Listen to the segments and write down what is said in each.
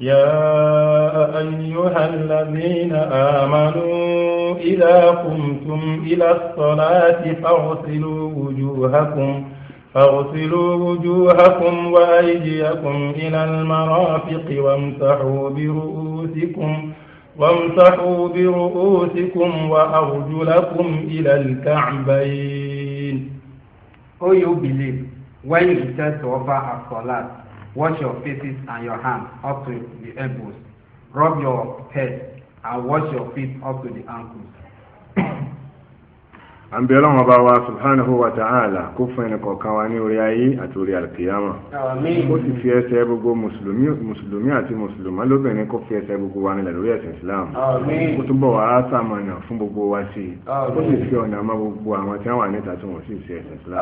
يا أيها الذين آمنوا إذا قمتم إلى الصلاة فاغسلوا وجوهكم فاغسلوا وجوهكم وأيديكم إلى المرافق وامسحوا برؤوسكم وامسحوا برؤوسكم وأرجلكم إلى الكعبين. أو يو believe when he said to Wash your faces and your hands up to the elbows. Rub your head and wash your feet up to the ankles àǹbẹ̀ ọlọ́run ọba wa subhanahu wa ta'ala kó fún ẹnì kọ̀ọ̀kan wa ní orí ayé àti orí alkiyama ó sì fi ẹsẹ̀ gbogbo mùsùlùmí àti mùsùlùmá lóbìnrin kó fi ẹsẹ̀ gbogbo wa nílẹ̀ lórí ẹ̀sìn islam ó túbọ̀ wà á sàmọ̀nà fún gbogbo wa sí i ó sì fi ọ̀nà àmọ́ gbogbo àwọn tí wọ́n wà níta tí wọ́n sì ṣe ẹ̀sìn islam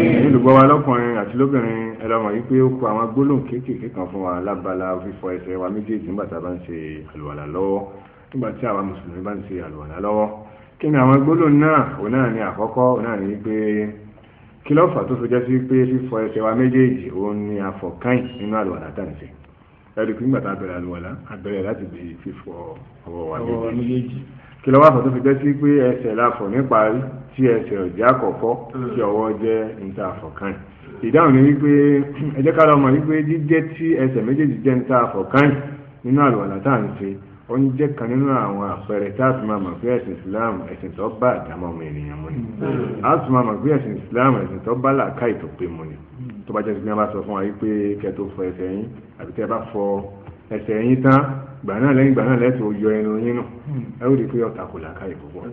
ní olùgbọ́ wa lọ́kùnrin àti lóbìnrin ẹlọ́mọ yìí pé ó kó àwọn gbólóhùn kéékèèké kan fún wa lábala fífọ ẹsẹ̀ wa méjèèjì nígbà tá a bá ń ṣe àlùwàlà lọ́wọ́ nígbà tí àwa mùsùlùmí bá ń ṣe àlùwàlà kí ni àwọn gbólóhùn náà òun náà ni àkọ́kọ́ òun náà ni pé kí ló tó fi jẹ́ sí pé fífọ ẹsẹ̀ wa méjèèjì òun ni àfọ̀kàn nínú àlùwàlá tàǹsẹ̀ ẹ̀rù kí nígbà tá a bẹ̀rẹ̀ àlùwàlá a bẹ̀rẹ̀ láti bí fífọ ọwọ́ wa méjèèjì kí ló wá fà tó fi jẹ́ sí pé ẹsẹ̀ la fọ̀ níparí tí ẹsẹ̀ ọ̀jẹ́ àkọ́kọ́ tí hmm. ọwọ́ jẹ́ níta àfọ̀kàn ìdáhùn ni wípé ẹ jẹ́ ká lọ mọ̀ wípé jíjẹ́ tí ẹsẹ̀ méjèèjì jẹ́ níta àfọ̀kàn nínú àlùwàlá tàǹsẹ̀ ó ń jẹ́ kan nínú àwọn àpẹẹrẹ tá a tún máa mọ̀ pé ẹ̀sìn Islam ẹ̀sìn tó bá àdámọ́ ọmọ ènìyàn mu ni a tún máa mọ̀ pé ẹ̀sìn Islam ẹ̀sìn tó bá làákà ìtòpé mu ni tó bá jẹ́ pé bá sọ fún wa yìí pé kẹ́ tó fọ ẹsẹ̀ yín àbí kẹ́ bá fọ ẹsẹ̀ yín tán gbà náà lẹ́yìn gbà náà lẹ́tọ̀ yọ ẹnu yín nù ẹ rí i pé ọ̀tà kò làákà ìbùkún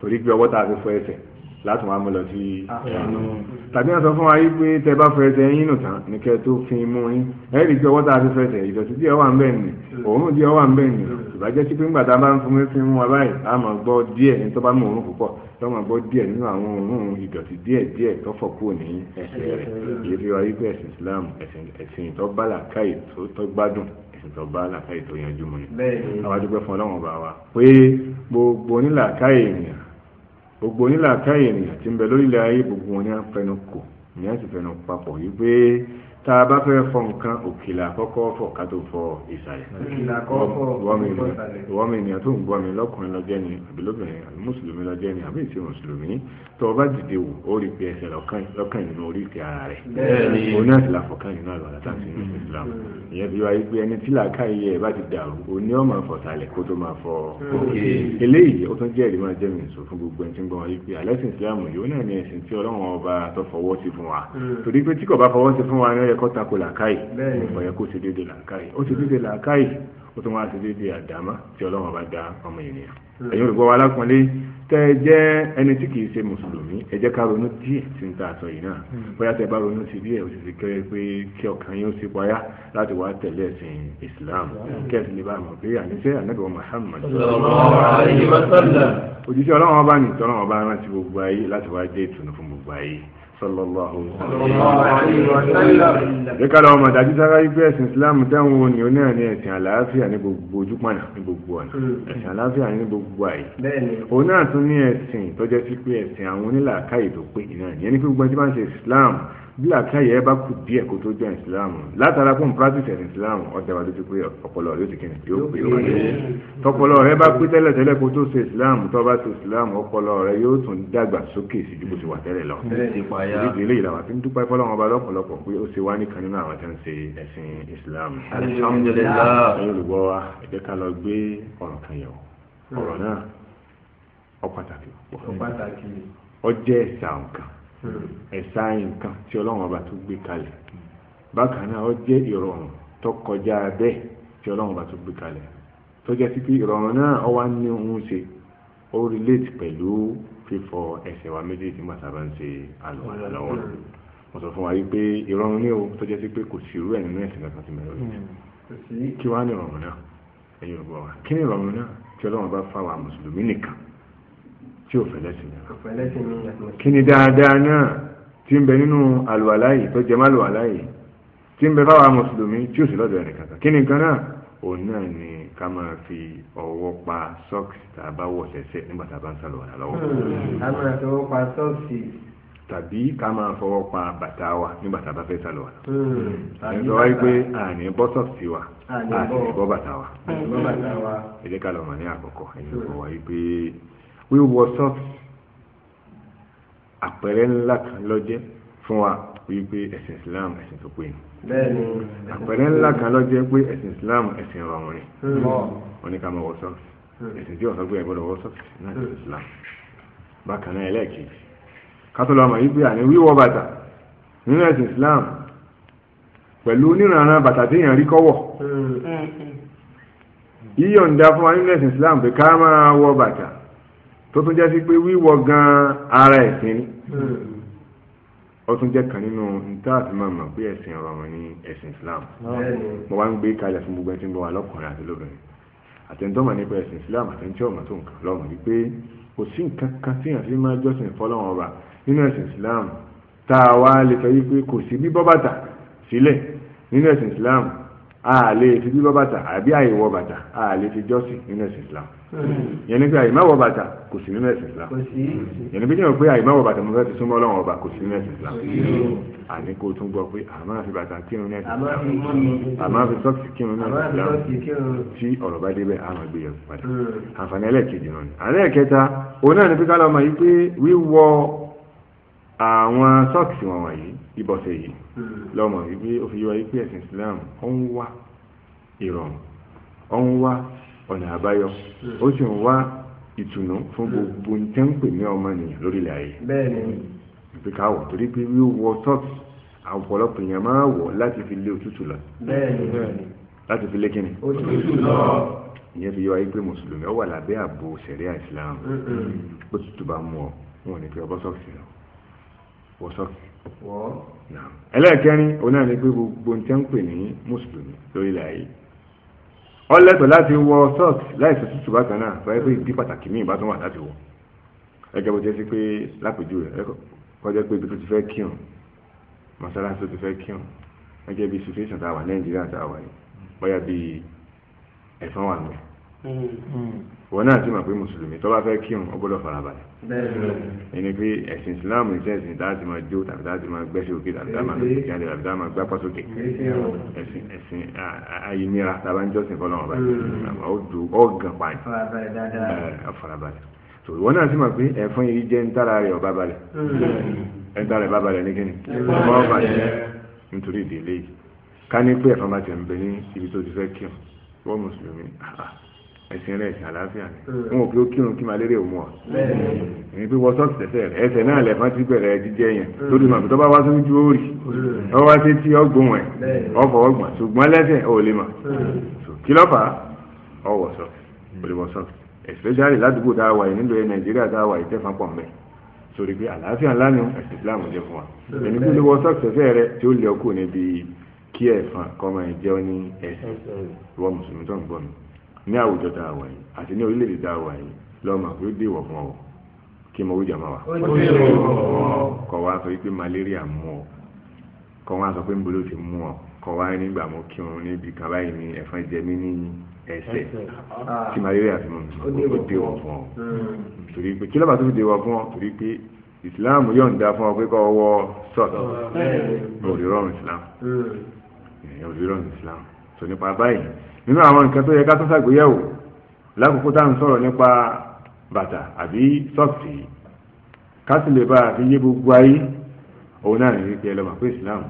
torí pé ọwọ́ tá a fi fọ ẹsẹ̀ láti wọn mú lọ sí ẹnu ah, tàbí wọn sọ fún wa yìí pé tẹ bá fẹsẹ̀ yín nù tán ní kẹ tó fi mú yín ẹ rí i pé ọwọ́ tá a fi fẹsẹ̀ ìdọ̀tí díẹ̀ wà ń bẹ̀ nì òórùn díẹ̀ wà ń bẹ̀ nì ìbàjẹ́ sí pé ńgbà tá a bá ń fún mi fi mú wa báyìí a máa gbọ́ díẹ̀ ní tó bá mú òórùn púpọ̀ tó máa gbọ́ díẹ̀ nínú àwọn òórùn ìdọ̀tí díẹ̀ díẹ̀ tó fọ̀ kúrò ní ẹsẹ̀ rẹ̀ èyí fi wá yìí pé ẹ̀sìn Islam ẹ̀sìn tó bá làákàyè ìjọba làkàyè tó yanjú mu ni àwọn adúgbò fún ọlọ́run ọba wa pé gbogbo onílàkàyè ènìyàn gbogbo onílàákàyè ènìyàn tí ń bẹ lórílẹ̀ ayé gbogbo wọn ni a fẹnu kò ìyẹn sì fẹnu papọ̀ yìí pé tá a bá fẹ́ fọ nǹkan òkìlà àkọ́kọ́ fọ̀ ká tó fọ ìsàlẹ̀ ìwọ́n mi ènìyàn tó ń gbọ́ mi lọ́kùnrin lọ́jẹ́ ni àbí lóbìnrin àbí mùsùlùmí lọ́jẹ́ ni àbí ìsìn mùsùlùmí tó o bá dìde wò ó rí pé ẹsẹ̀ lọ́kàn nínú orí ìkẹ́ ara rẹ̀ òun náà ti làfọ̀ kàn nínú àlọ́ hmm. àtàkì nínú Islam ìyẹn bí wáyé pé ẹni tí làákà iye ẹ̀ bá ti dàrú òní ọ̀ máa fọ̀ sàlẹ̀ kó tó máa fọ òkè eléyìí ó tún jẹ́rìí máa jẹ́ mi sọ fún gbogbo ẹni wáyé kó tako làákàyè kò yẹ kó ṣe déédéé làákàyè ó ṣe déédéé làákàyè ó tún wá ṣe déédéé àdámá tí ọlọ́run bá dá ọmọ ènìyàn ẹ̀yin olùgbọ́ wa lápọ̀nlé tẹ́ ẹ jẹ́ ẹni tí kìí ṣe mùsùlùmí ẹ jẹ́ ká ronú díẹ̀ tí ń ta àṣọ yìí náà hmm. bóyá tẹ́ bá ronú sí díẹ̀ ó sì ti kéré pé kí ọkàn yín ó sì payá láti wá tẹ̀lé ẹ̀sìn Islam kẹ́sì lè bá mọ̀ pé àníṣe ànábìwọ̀n Muhammad òjíṣẹ́ ọlọ́run ọba nìtọ́ ọlọ́run ọba rántí gbogbo ayé láti wá dé ìtùnú fún gbogbo ayé sallallahu alaihi wa sallam. ìkàlà ọmọ ìdájú sára yí pé ẹ̀sìn islam dáhùn wo ni ó náà ní ẹ̀sìn àlàáfíà ní gbogbo ojúpọ̀nà ní gbogbo ọ̀nà hmm. ẹ̀sìn àlàáfíà ní gbogbo àyè. òun náà tún ní ẹ̀sìn tó sí pé ẹ̀sìn àwọn onílàákàyè tó pé ìnáà ní ẹni pé gbogbo ẹni tí wọ́n ń ṣe islam bí àkáyẹ ẹ bá kù díẹ̀ kó tó jọ ìsìláàmù látara fún practice ẹ̀sìn ìsìláàmù ọjà wa lójú pé ọpọlọ rẹ ó ti kìnnì yóò pé wà lẹ́yìn tọpọlọ rẹ bá pé tẹ́lẹ̀ tẹ́lẹ̀ kó tó ṣe ìsìláàmù tó bá ṣe ìsìláàmù ọpọlọ rẹ yóò tún dàgbà sókè sí ju bó ti wà tẹ́lẹ̀ lọ. ìdíje ilé ìlànà tí ń dúpẹ́ fọlọ́wọn ọba lọ́pọ̀lọpọ̀ pé ó ṣe wá nìkan nínú àwọn tí ń ṣe ẹ̀sìn ìsìláàmù. alhamdulillah ẹ̀sà nǹkan tí ọlọ́run ọba tó gbé kalẹ̀ bákan náà ó jẹ́ ìrọ̀rùn tó kọjá bẹ́ẹ̀ tí ọlọ́run ọba tó gbé kalẹ̀ tó jẹ́ sí pé ìrọ̀rùn náà ó wá ní òun ṣe ó relate pẹ̀lú fífọ ẹsẹ̀ wa méjèèjì máa sábà ń ṣe àlùmọ́lá lọ́wọ́ mo sọ fún wa wípé ìrọ̀rùn ní o tó jẹ́ sí pé kò sí irú ẹ̀ nínú ẹ̀sìn kankan tí mo lọ rí hmm. kí wá ní ìrọ̀rùn náà ẹ̀yin ò gbọ́ wa kí ni ìrọ̀rùn náà tí ọlọ́run bá fáwọn mùsùlùmí nìkan tí ò fẹ́lẹ́sìn kí ni dáadáa náà tí ń bẹ nínú àlùwàlá yìí tó jẹ má àlùwàlá yìí tí ń bẹ fáwọn mùsùlùmí tí ò sì lọ́dọ̀ ẹnì kankan kí ni nǹkan náà òun náà ni ká máa fi ọwọ́ pa sọ́ọ̀kì tá a bá wọ̀ sẹ́sẹ́ nígbà tá a bá ń sàlùwàlá lọ́wọ́. ká hmm, máa fọwọ́ pa sọ́ọ̀kì. tàbí ká máa fọwọ́ pa bàtà wa nígbà tá a bá fẹ́ sàlùwàlá. Hmm, ẹ sọ wáyé pé àní bọ́ sọ́ọ̀kì wa àní bọ́ bàtà wa. ẹ jẹ́ ká lọ mọ̀ ní àkọ́kọ́ ẹ̀ wíwọ sọ́ọ̀sì àpẹẹrẹ ńlá kan lọ́jẹ́ fún wa wípé ẹ̀sìn Islam ẹ̀sìn tó pé ni àpẹẹrẹ ńlá kan lọ́jẹ́ pé ẹ̀sìn Islam ẹ̀sìn rọrùn ni wọ́n ní ká máa wọ sọ́ọ̀sì hmm. ẹ̀sìn tí ọ̀sán gbé ẹ̀gbọ́dọ̀ wọ sọ́ọ̀sì náà ẹ̀sìn hmm. Islam bákan náà ẹlẹ́ẹ̀kejì kátólọ́ àmọ́ yìí pé àní wíwọ bàtà nínú ẹ̀sìn Islam pẹ̀lú oníranran bàtà téèyàn rí kọ́wọ̀ hmm. yíyọ̀ǹda fún wa nínú ẹ̀sìn Islam pé ká máa wọ bàtà tó tún jẹ́ sí pé wíwọ̀ gan ara ẹ̀sìn ni hmm. ó tún jẹ́ kan nínú níta àti máa mọ̀ pé ẹ̀sìn ọ̀rọ̀ wọn ní ẹ̀sìn Islam mo wá ń gbé kalẹ̀ fún gbogbo ẹni tí ń bọ̀ wá lọ́kùnrin àti lóbìnrin àtẹnudọ́mọ̀ nípa ẹ̀sìn Islam àtẹnudí ọ̀mọ̀ tó nǹkan lọ́mọ wípé kò sí nǹkan kan tí èèyàn fi máa jọ́sìn fọ́lọ́run ọba nínú ẹ̀sìn Islam tá a wá lè fẹ́ wípé kò sí bíbọ́ bàtà sílẹ̀ nínú ẹ̀sìn Islam a lè fi bíbọ́ bàtà àbí àìwọ bàtà a lè fi jọ́sìn nínú ẹ̀sìn Islam hmm. yẹn ni pé àìmáwọ bàtà kò sí nínú ẹ̀sìn Islam yẹn ni pé yẹn pé àìmáwọ bàtà mo fẹ́ fi súnmọ́ Ọlọ́run ọba kò sí nínú ẹ̀sìn Islam àní kó tún gbọ́ pé àmọ́ àfi bàtà kírun nẹ́ẹ̀sì Islam àmọ́ àfi sọ́ọ̀kì kírun nẹ́ẹ̀sì Islam tí ọ̀rọ̀ bá débẹ̀ àmọ́ gbé yẹn padà hmm. àǹfààní ẹlẹ́ẹ̀kejì náà ni ẹlẹ́ẹ̀kẹta lọ́mọ ìgbé òfìyíwá yìí pé ẹ̀sìn Islam ó ń wá ìrọ̀rùn ó ń wá ọ̀nà àbáyọ ó sì ń wá ìtùnú fún gbogbo tẹ́ ń pè ní ọmọnìyàn lórílẹ̀ ayé bí ká wọ̀ torí pé wíwọ sọ́ọ̀tì ọ̀pọ̀lọpọ̀ èèyàn máa wọ̀ láti fi lé òtútù lọ láti fi lé kíni òtútù lọ ìyẹn fi yọ ayé pé mùsùlùmí ó wà lábẹ́ ààbò sẹ̀ríà Islam ó tutù bá mú ọ wọn ò ní fi ọbọ̀ sọ́ọ̀tì wọ sọ́ọ̀kì. ẹlẹ́ẹ̀kẹrin òun náà ni pé gbogbo ń tẹ́ ń pè ní mùsùlùmí lórí ilẹ̀ ayé ọlẹ́tọ̀ láti wọ sọ́ọ̀kì láìsọ tútù bákan náà fẹ́ẹ́ pé ìdí pàtàkì míì bá tún wà láti wọ ẹgẹ bó jẹ́ sí pé lápèjúwe kọjá pé ibi tó ti fẹ́ kírun mọ́sálásí tó ti fẹ́ kírun ẹgẹ bí situation tá a wà Nàìjíríà tá a wà yìí bóyá bí ẹ̀fọn wà nù ẹ̀ Hmm. wọn náà ti mọ̀ pé mùsùlùmí tó bá fẹ́ kírun ó gbọ́dọ̀ farabalẹ̀ ẹni pé ẹ̀sìn ìsìláàmù iṣẹ́ ẹ̀sìn láti máa jó tàbí láti máa gbẹ́sẹ̀ òkè tàbí láti máa gbẹ́sẹ̀ jáde tàbí láti máa gbápá sókè ẹ̀sìn ẹ̀sìn ayinira tàbí jọ́sìn fọlọ́wọ́n báyìí hmm. ó dùn ó gàn pa ẹ̀ farabalẹ̀ tó wọn náà ti mọ̀ pé ẹ̀fọn yìí jẹ́ ń tára rẹ̀ ọba balẹ̀ hmm. ẹ̀ ń tára rẹ̀ ọba balẹ̀ ní kíni ọba balẹ̀ nítorí ìdílé yìí ká ní pé ẹ̀fọn bá ti ń bẹ ní ibi tó ti fẹ́ kírun wọ́n ẹsẹ̀ rẹ̀ ṣàlàáfíà ni wọn mm. ò fi ó kírun kí maléré ò mú ọ èyí pé wọ́n sọ́ọ̀tì tẹ̀sẹ̀ rẹ̀ ẹsẹ̀ náà lẹ̀fọ́n ti bẹ̀rẹ̀ jíjẹ́ yẹn mm. lórí màmí tó bá wá sójú ó rì ọ mm. wá sí tí ọgbọ̀n ẹ̀ ọfọ̀ ọgbọ̀n ṣùgbọ́n lẹ́sẹ̀ ò lè mà kí ló fà á ọwọ́ sọ ò lè wọ sọ́ọ̀tì especially ládùúgbò tá a wà yìí nílò Nàìjíríà tá a wà yìí tẹ́fọn pọ̀ mẹ́ torí pé àlàáfíà ńlá ni ẹ̀sìn Islam jẹ́ fún wa ẹni kí ló wọ sọ́ọ̀tì tẹ̀sẹ̀ rẹ̀ tí ó lé ọkùnrin níbi kí ẹ̀fọn kọ́mọ ń gbọ́ ní àwùjọ tá a wà yìí àti ní orílẹ̀-èdè tá a wà yìí lọ́mọ pé ó dé ìwọ̀ fún ọ kí mo wíjà máa wà. kọ̀ wá sọ pé malaria mú ọ kọ̀ wá sọ pé ń bolo ti mú ọ kọ̀ wá nígbà mo kí wọn níbi kan báyìí ní ẹ̀fọn jẹ mí ní ẹsẹ̀ tí malaria fi mú mi ó dé ìwọ̀ hmm. fún ọ. torí pé kí lọ́ba tó fi dé fún ọ torí pé ìsìláàmù yóò ń da fún ọ pé kọ́ wọ sọ́ọ̀tọ̀ òdìrọ̀rùn ìsìláàmù hmm. òdìrọ̀rùn ìsìláàmù sọ nípa báyìí nínú àwọn nǹkan tó yẹ ká tó ṣàgbéyẹ̀wò lákòókò tá à ń sọ̀rọ̀ nípa bàtà àbí sọ́ọ̀tì ká sì lè bá àfi yé gbogbo ayé òun náà nìyí pé ẹlọ́mà pé Islam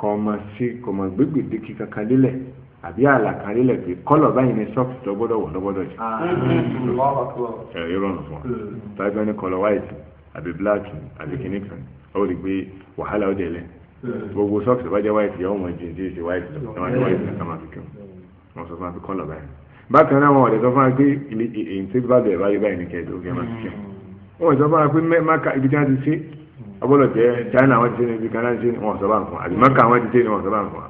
kọ́ ọmọ sí kọ́ ọmọ gbégbèdé kíkà kan lélẹ̀ àbí ààlà kan lélẹ̀ pé kọ́lọ̀ báyìí ni sọ́ọ̀tì tó gbọ́dọ̀ wọ̀ lọ́gbọ́dọ̀ jù. ẹ yóò rọrùn fún ọ tàbí wọn ní kọ́lọ̀ white àbí black àbí kìnnìkan ó rí i pé wàhálà ó dẹ̀ lẹ́yìn Hmm. gbogbo sọ́ọ̀kì tó bá jẹ́ white yẹ́wò mọ̀ jìn díẹ̀ sí white lọ ẹ̀ máa ní white nìkan máa fi kí wọn sọ fún wa pé kọ́lọ̀ báyìí bákan náà wọn ò lè sọ fún wa pé èyí tí bá bẹ̀rẹ̀ báyìí báyìí ní kẹ́ẹ̀dọ̀ ó kẹ́ máa fi kí hmm. wọn ò sọ fún wa pé mẹ́ka ibi tí wọ́n ti ṣe ọgbọ́dọ̀ hmm. jẹ́ China wọ́n ti ṣe ní ibi kan láti ṣe ni wọ́n sọ bá ń fún wa àbí mẹ́ka wọ́n ti ṣe ni wọ́n sọ bá ń fún wa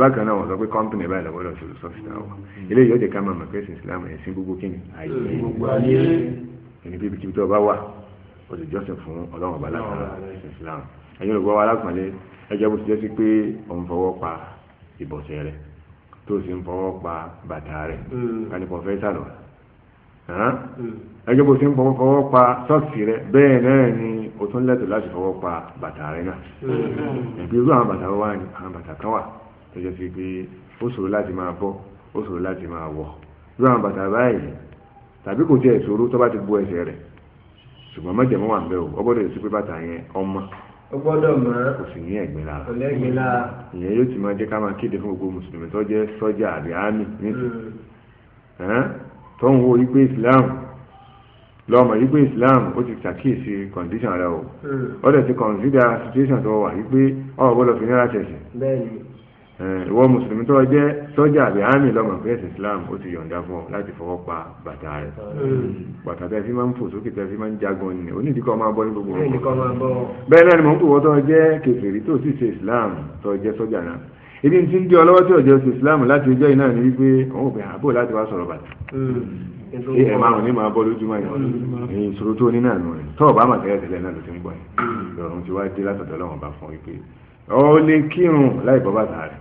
bákan náà wọ́n sọ pé kọ́ńpìnì báyìí lọ́wọ́dọ̀ ṣe sọ́ọ̀sì náà wọ̀ eléyìí yóò jẹ́ ká máa mọ̀ pé ẹ̀sìn Islam ẹ̀sìn gbogbo kíni ayé ẹni bíbí kíbi tó wà ó fún Ọlọ́run ọba láwọn ẹ̀sìn Islam ẹ̀yin olùgbọ́ wa alákùnrin ẹjẹ́ bó ti jẹ́ sí pé ò ń fọwọ́ pa ìbọ̀sẹ̀ rẹ̀ tó sì ń fọwọ́ pa bàtà rẹ̀ hmm. kàní pọ̀fẹ́sà lọ. ẹjẹ́ hmm. bó ti ń fọwọ́ pa sọ́ọ̀sì rẹ̀ bẹ́ẹ̀ náà ni o tún lẹ́tọ̀ọ́ láti fọwọ́ pa bàtà rẹ̀ náà. Hmm. ẹ̀bí irú àwọn bàtà wa ni àwọn bàtà kan wà tó jẹ́ sí pé ó ṣòro láti máa bọ́ ó ṣòro láti máa wọ̀ irú àwọn bàtà báyìí tàbí kò tiẹ̀ ṣòro tó bá ti bo ẹsẹ̀ rẹ̀ ṣùgbọ́n mẹ́jẹ̀mú wà ń bẹ o ọgbọ́dọ̀ yẹ ó gbọ́dọ̀ mọ́ kò sì ní ẹ̀gbin lára ọ̀lẹ́gbin lára ìyẹn yóò ti máa jẹ́ ká máa kéde fún gbogbo mùsùlùmí tó jẹ́ sọ́jà àbí àmì nítorí hmm. tó ń wo wípé Islam lọ́mọ yìí Islam ó ti ṣàkíyèsí condition rẹ o hmm. ó dẹ̀ ti consider situation tó wà yìí pé ọ̀ gbọ́dọ̀ fi nira ṣẹ̀ṣẹ̀ Eh, ìwọ mùsùlùmí tó jẹ́ sọ́jà àbí àmì lọ́mọ pé ẹ̀sìn islam ó ti yọ̀ǹda fún ọ láti fọwọ́ pa bàtà rẹ̀ bàtà tẹ́ fi máa ń fò sókè tẹ́ fi máa ń jagun ni onídìíkọ́ máa bọ́ ní gbogbo ọ̀rọ̀ bẹ́ẹ̀ náà ni mò ń pè wọ́n tó jẹ́ kèfèrí tó sì ṣe islam tó jẹ́ sọ́jà náà ibi tí ń di ọlọ́wọ́ tí ọjọ́ ṣe islam láti ọjọ́ yìí náà ni wípé àwọn òbí àbò láti wá sọ̀rọ̀ bàtà hmm. ẹ máa ní máa bọ́ lójúmọ́ yìí ìṣòro tó ní náà nù rẹ̀ tọ́ ọ̀bá màtẹ́rẹ̀tẹ̀lẹ̀ náà ló ti ń gbọ́ yìí lọ́rùn hmm. ti wá dé látọ̀dọ̀ lọ́wọ́n bá fún wípé ọ lè kírun láì bọ́ bàtà rẹ̀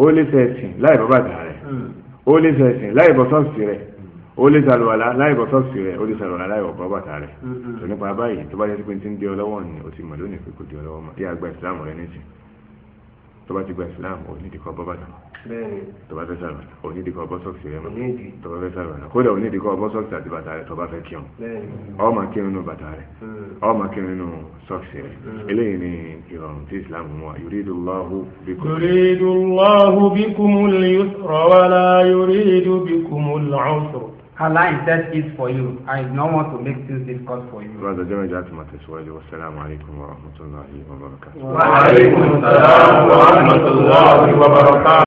ó lè sẹ̀sìn láì bọ́ bàtà rẹ̀ hmm. ó lè sẹ̀sìn láì bọ́ sọ́ọ̀sì rẹ̀ ó lè sàlùwàlá láì bọ́ sọ́ọ̀sì rẹ̀ ó lè sàlùwàlá láì bọ́ bàtà rẹ̀ tó hmm. nípa báyìí tó bá yẹ kí pé ti ń di ọlọ́wọ́ ni o ti mọ̀ lónìí pé kò di ọlọ́wọ́ mọ̀ yá àgbà ìsìlámù rẹ nísìnyí tọba ti gba islam onídìíkọ bọ́ bàtà tọba fẹ́ sàrà onídìíkọ bọ́ sọ́ọ̀sì rẹ mọ́ tọba fẹ́ sàrà kódà onídìíkọ bọ́ sọ́ọ̀sì àti bàtà rẹ tọba fẹ́ kírun ọ máa kírun nínú bàtà rẹ ọ hmm. máa kírun nínú sọ́ọ̀sì rẹ hmm. eléyìí ni ìrọ̀rùn tí islam mú wa yuridullahu bikum. yuridullahu bikumul yusra wala yuridu bikumul usra. Allah intends it for you I does not want to make things difficult for you. Brother Jẹ́mi Ìjà ti máa tẹ̀síwájú. alaykum wa rahmatulahi wa barakatuh. Wa alaykum wa rahmatulahi wa barakatuh.